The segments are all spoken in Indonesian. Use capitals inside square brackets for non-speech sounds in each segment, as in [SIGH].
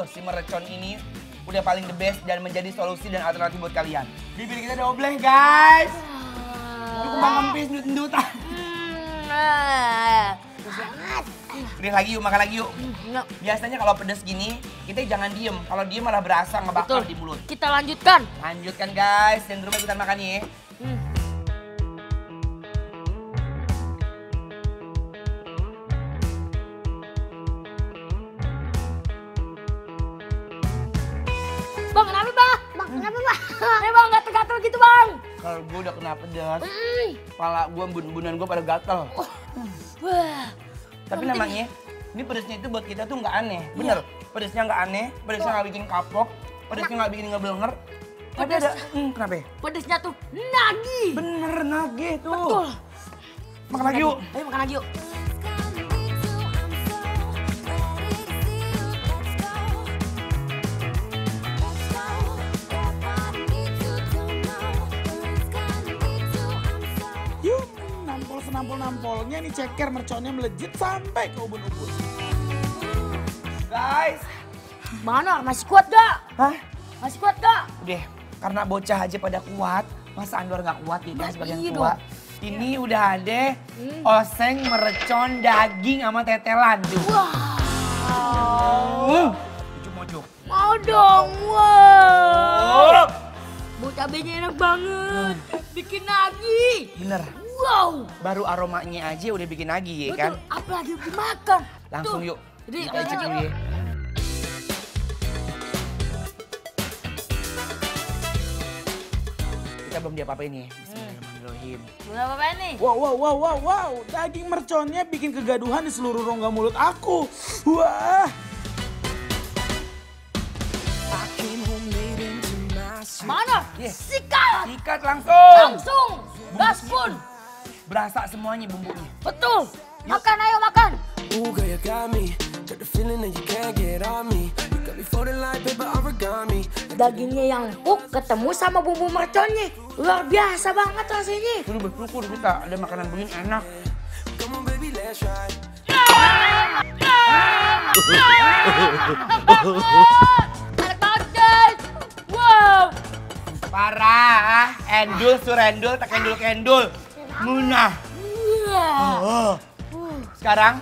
Eh, si mercon ini udah paling the best dan menjadi solusi dan alternatif buat kalian. Bibir kita udah obleng, guys. Lu kembang kempis, nudut-nudut. Banget. [LAUGHS] Udah lagi yuk, makan lagi mm, yuk. Biasanya kalau pedes gini, kita jangan diem. Kalau diem malah berasa ngebakar Betul. di mulut. Kita lanjutkan. Lanjutkan guys, dan rumah ikutan makan nih. Ya. Kepala gue udah kena pedas, Kepala gue bun-bunan gue pada gatel. Oh. Tapi namanya, ini? ini pedasnya itu buat kita tuh nggak aneh, iya. bener. Pedasnya nggak aneh, pedasnya nggak bikin kapok, pedasnya nggak bikin ngebelenger. Tapi ada, hmm, kenapa ya? Pedasnya tuh nagih. Bener, nagih tuh. Betul. Makan lagi yuk. Ayo makan lagi yuk. nampol senampol nampolnya ini ceker merconnya melejit sampai ke ubun-ubun. Guys, mana masih kuat gak? Hah? Masih kuat gak? Udah, karena bocah aja pada kuat, masa Anwar nggak kuat ini ya, sebagian iya tua. Dong. Ini ya. udah ada hmm. oseng merecon daging sama tetelan tuh. Wow. Uh. Ujuk-ujuk. Mau dong, wow. Oh. Bu cabenya enak banget. Hmm. Bikin lagi. Bener. Wow. Baru aromanya aja udah bikin lagi, ya Betul. kan? apalagi dimakan. Langsung yuk, Jadi, kita icip dulu ya. Kita belum diapa-apain nih. Hmm. Bismillahirrahmanirrahim. Belum apa nih? Wow, wow, wow, wow, wow. Daging merconnya bikin kegaduhan di seluruh rongga mulut aku. Wah. Mana? Yeah. Sikat! Sikat langsung! Langsung! Gaspun! berasa semuanya bumbunya. Betul. Yuk. Makan ayo makan. you got me. Got the feeling that you can't get on me. Dagingnya yang empuk ketemu sama bumbu merconnya. Luar biasa banget rasanya. Kudu bersyukur kita ada makanan begini enak. Come on baby Wow. Parah, ah. Endul surendul, tak kendul kendul. Munah. Iya. Oh. oh. Uh. Sekarang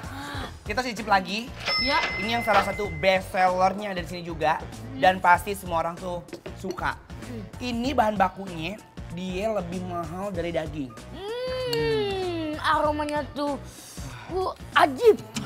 kita cicip lagi. Ya. Ini yang salah satu best sellernya dari sini juga hmm. dan pasti semua orang tuh suka. Hmm. Ini bahan bakunya dia lebih mahal dari daging. Hmm, aromanya tuh uh, ajib.